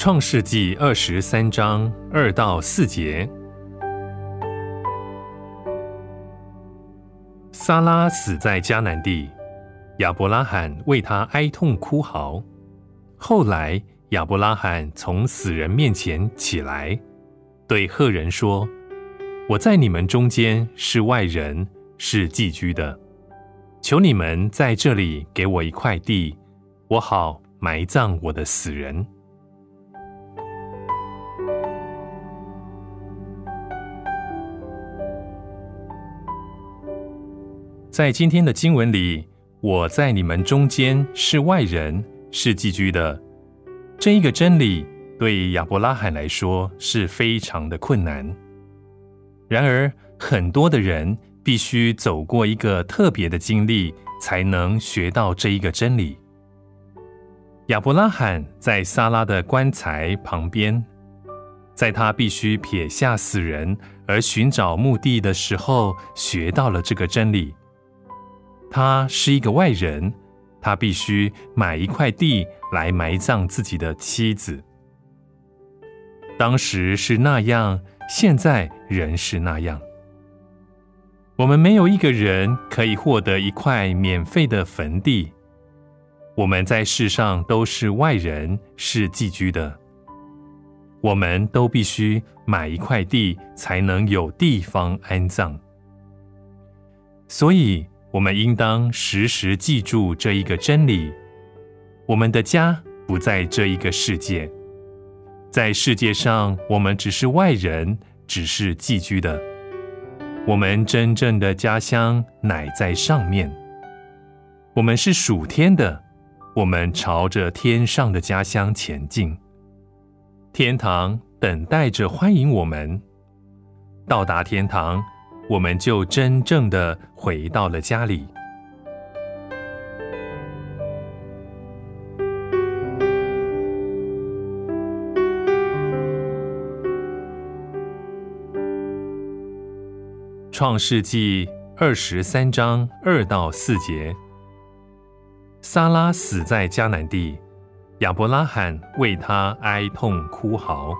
創世紀二十三章二到四節：撒拉死在迦南地，亞伯拉罕為他哀痛哭嚎。後來亞伯拉罕從死人面前起來，對赫人說：“我在你們中間是外人，是寄居的。求你們在這裡給我一塊地，我好埋葬我的死人。”在今天的經文裡，我在你們中間是外人，是寄居的。這一個真理對亞伯拉罕來說是非常的困難。然而，很多的人必須走過一個特別的經歷，才能學到這一個真理。亞伯拉罕在撒拉的棺材旁邊，在他必須撇下死人而尋找墓地的時候，學到了這個真理。他是一個外人，他必須買一塊地來埋葬自己的妻子。當時是那樣，現在仍是那樣。我們沒有一個人可以獲得一塊免費的墳地。我們在世上都是外人，是寄居的。我們都必須買一塊地，才能有地方安葬。所以，我們應當時時記住這一個真理：我們的家不在這一個世界，在世界上我們只是外人，只是寄居的。我們真正的家鄉乃在上面。我們是屬天的，我們朝着天上的家鄉前進，天堂等待着歡迎我們到達天堂。我們就真正的回到了家裡。創世記二十三章二到四節，撒拉死在迦南地，亞伯拉罕為她哀痛哭嚎，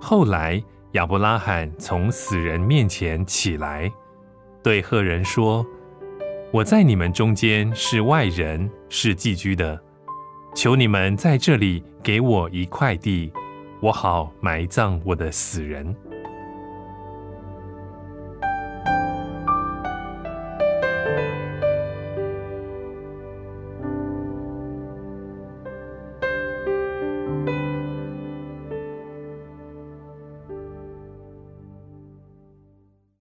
後來。亞伯拉罕從死人面前起來，對赫人說：“我在你們中間是外人，是寄居的，求你們在這裡給我一塊地，我好埋葬我的死人。”